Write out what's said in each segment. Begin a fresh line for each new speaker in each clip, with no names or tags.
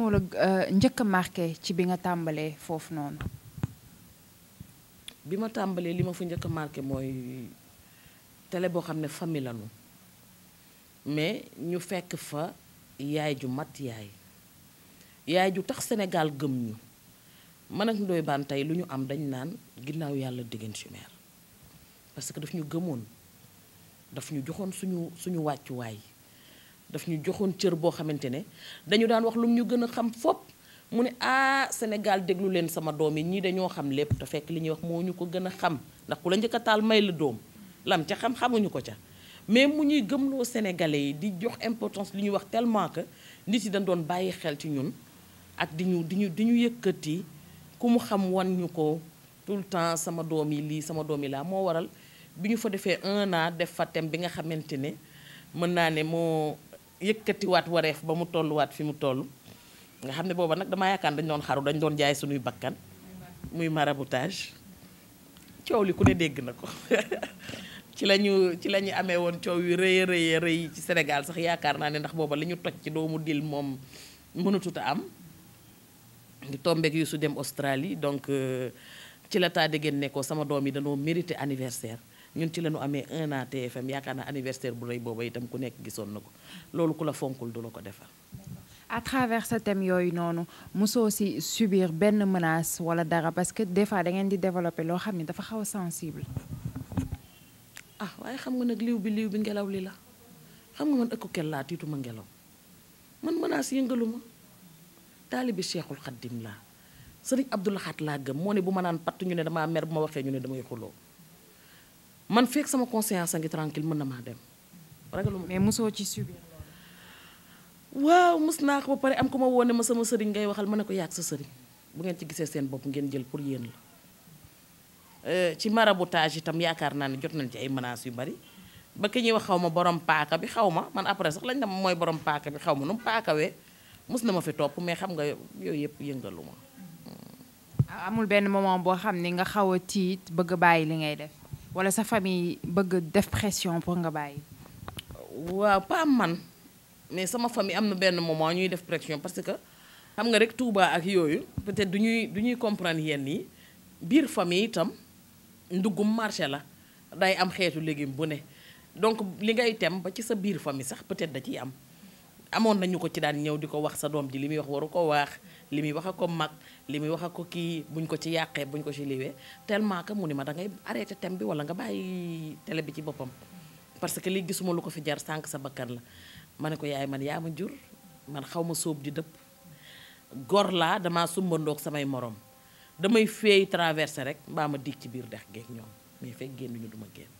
moo la euh, njëkk a marqué ci bi nga tàmbalee foofu noonu.
bi ma tàmbalee li ma fa njëkk a mooy télé boo xam ne familanu mais ñu fekk fa yaay ju mat yaay yaay ju tax Sénégal gëm ñu man ak Ndoye Bane tey lu ñu am dañ naan ginnaaw yàlla Déguène Chimère parce que daf ñu gëmoon daf ñu joxoon suñu suñu wàccuwaay. daf ñu joxoon cër boo xamante ne dañu daan wax lu ñu gën a xam fopp mu ne ah Sénégal déglu leen sama doom yi ñii dañoo xam lépp te fekk li ñuy wax moo ñu ko gën a xam ndax ku la njëkk a taal may la doom lam ca xam xamuñu ko ca mais mu ñuy gëmloo sénégalais yi di jox importance li ñuy wax tellement que nit yi dañ doon bàyyi xel ci ñun ak di ñu di ñu di ñu yëkkati ku mu xam wan ñu ko tout le temps sama doom yi lii sama doom yi laa moo waral bi ñu fa defee un an def fa bi nga xamante ne mën naa ne moo. yëkkatiwaat wareef ba mu tolluwaat fi mu toll nga xam ne booba nag damaa yaakaar dañ doon xaru dañ doon jaay suñuy bakkan muy maraboutage coow li ku ne dégg na ko ci la ñu ci la ñu amee woon coow yu rëy rëyee rëy ci Sénégal sax yaakaar naa ne ndax booba li ñu toj ci doomu dil moom mënatut a am ngi tombeek yu su dem Australie donc euh, ci la taa de ne ko sama doom yi danoo mérité anniversaire ñun ci la nu amee un an TFM yaakaar naa anniversaire bu rëy booba itam ku nekk gisoon na ko loolu ku la fonkul du la ko defar
à travers ce thème yooyu noonu mosoo si subir benn menace wala dara parce que des fois da ngeen di développer loo xam ne dafa xaw a sensible.
ah waaye xam nga nag liw bi liw bi ngelaw li la xam nga man ëkku kel laa tiituma ngelaw man menace yëngalu ma taalibi Cheikhul Xaddim laa sëriñ Abdou Lahat laa gëm moo ne bu ma naan patt ñu ne damaa mer bu ma waxee ñu ne damay xuloo man fekk sama conscience a ngi tranquille mën na maa dem. ragaluma mais mosoo ci subir. waaw mus naa ko ba pare am ko ma woone ma sama sëriñ ngay waxal ma ne ko yàgg sa sëriñ bu ngeen ci gisee seen bopp ngeen jël pour yéen la. Euh, ci itam yaakaar naa ne jot nañ ci ay menaces yu bari ba ki ñuy wax xaw ma borom paaka bi xaw ma man après sax lañ dem mooy borom paaka bi xaw ma nu mu paakawee mos na ma fi topp mais xam nga yooyu yëpp yëngalu ma.
amul benn moment boo xam ni nga xaw a tiit bëgg bàyyi li ngay def. wala sa famille bëgg def pression pour nga bàyyi. waaw pas man
mais sama famille am na benn moment ñuy def pression parce que xam nga rek Touba ak yooyu peut-être duñuy duñuy comprendre yenn yi biir famille itam ndugum marché la day am xeetu légume bu ne donc li ngay tem ba ci sa biir famille sax peut-être da ciy am. amon nañu ko ci daan ñew di wax sa dom ji limi wax waru ko wax limi wax a ko mag li wax a ko kii buñ ko ci yaqé buñ ko ci liwé tellement que munima da ngay arrêté tém bi wala nga bayyi télé bi ci bopam parce que li gisuma lu ko fi jar sank sa bakkan la mané ko yaay man yaama jur man xawma soob di depp gor la dama sumbandok samay morom damay fey traverser rek mbaa ma ci bir dex ñom mais gennu ñu duma genn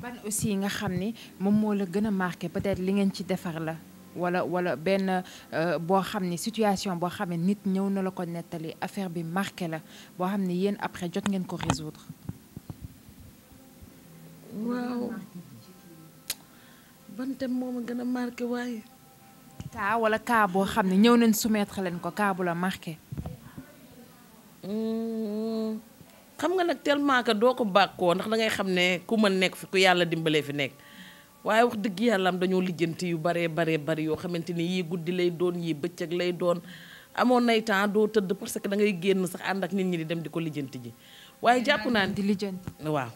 ban aussi nga xamni mom mo la gëna marqué peut-être li ngeen ci defar la wala wala benn euh, boo xam ne situation boo xam ne nit ñëw na la ko nettali affaire bi marqué la boo xam ne yéen après jot ngeen ko résoudre. waaw
ban thème moo gën a marqué
waaye. cas wala kaaboo xam ne ñëw nañ soumettre leen ko cas bu la marqué.
Hmm, xam nga nag tellement que doo ko bàkkoo ndax da ngay xam ne ku mën nekk fi ku yàlla dimbalee fi nekk. waaye wax dëgg yàlla am dañoo lijjanti yu baree baree bari yoo xamante ni yii guddi lay doon yii bëccëg lay doon amoon nay temps doo tëdd parce que da ngay génn sax ànd ak nit ñi di dem di ko lijjanti ji waaye jàpp naa ne di waaw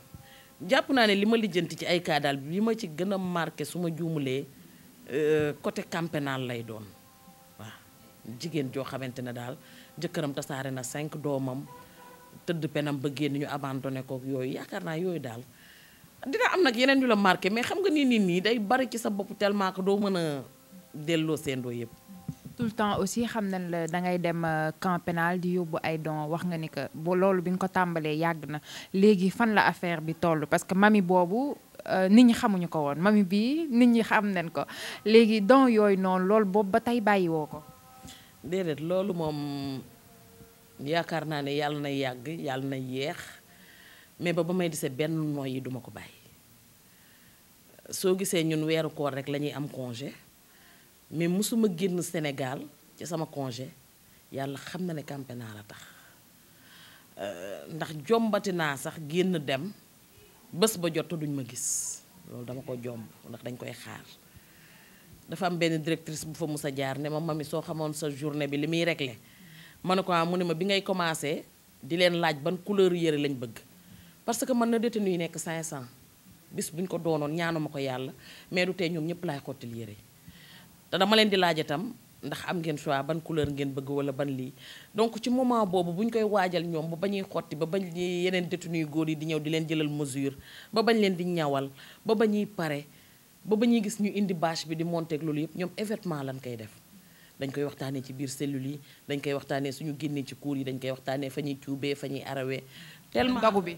jàpp naa ne li ma lijjanti ci ay kaa daal li ma ci gën a marqué su ma juumulee euh, côté camp pénal lay doon waaw jigéen joo xamante ne daal jëkkëram tasaare na cinq doomam tëdd penam ba génn ñu abandonné ko yooyu yaakaar naa yooyu daal dina am nag yeneen yu la marqué mais xam nga nii nii nii day bari ci sa bopp tellement que doo mën a delloo seendoo yëpp.
tout le temps aussi xam nañ la da ngay dem euh, camp pénal di yóbbu ay don wax nga ni que ba loolu bi nga ko tàmbalee yàgg na léegi fan la affaire bi toll parce que mami boobu euh, nit ñi xamuñu ko woon mami bii nit ñi xam nañ ko léegi don yooyu noonu loolu boobu ba tey bàyyiwoo ko.
déedéet loolu moom yaakaar naa ne yàlla na yàgg yàlla na yéex. mais ba ba may dese benn nooy yi duma ko bàyyi soo gisee ñun weeru koor rek la ñuy am congé mais mosuma génn Sénégal ci sama congé yàlla xam na ne campé naa la tax euh, ndax jombati naa sax génn dem bés ba jot duñ ma gis loolu dama ko jomb ndax dañ koy xaar dafa am benn directrice bu fa mus a jaar ne ma mi soo xamoon sa journée bi li muy réglé ma ne ko ah, mu ne ma bi ngay commencé di leen laaj ban couleur yére lañ bëgg parce que mën na détenu yi nekk 500 bis buñ ko doonoon ñaanuma ko yàlla mais du tee ñoom ñëpp laay xottil yére te dama leen di laaj itam ndax am ngeen choix ban couleur ngeen bëgg wala ban lii donc ci moment boobu bu koy waajal ñoom ba bañuy xotti ba bañ yeneen détenu góor yi di ñëw di leen jëlal mesure ba bañ leen di ñawal ba bañuy pare ba bañuy gis ñu indi bâche bi di monter loolu yëpp ñoom événement lañ koy def dañ koy waxtaanee ci biir cellule yi dañ koy waxtaanee suñu génnee ci cour yi dañ koy waxtaanee fa ñuy cuubee fa ñuy arawee tellement bagu bi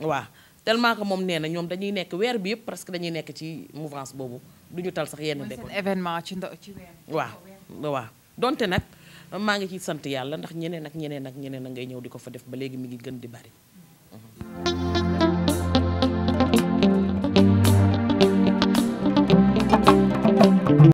waaw tellement moom nee na ñoom dañuy nekk weer bi yëpp parce que dañuy nekk ci mouvance boobu du ñu tal sax yenn déco
événement ci ndo ci weer
waaw donte nag maa ngi ciy sant yàlla ndax ñeneen ak ñeneen ak ñeneen a ngay ñëw di ko fa def ba léegi mi ngi gën di bari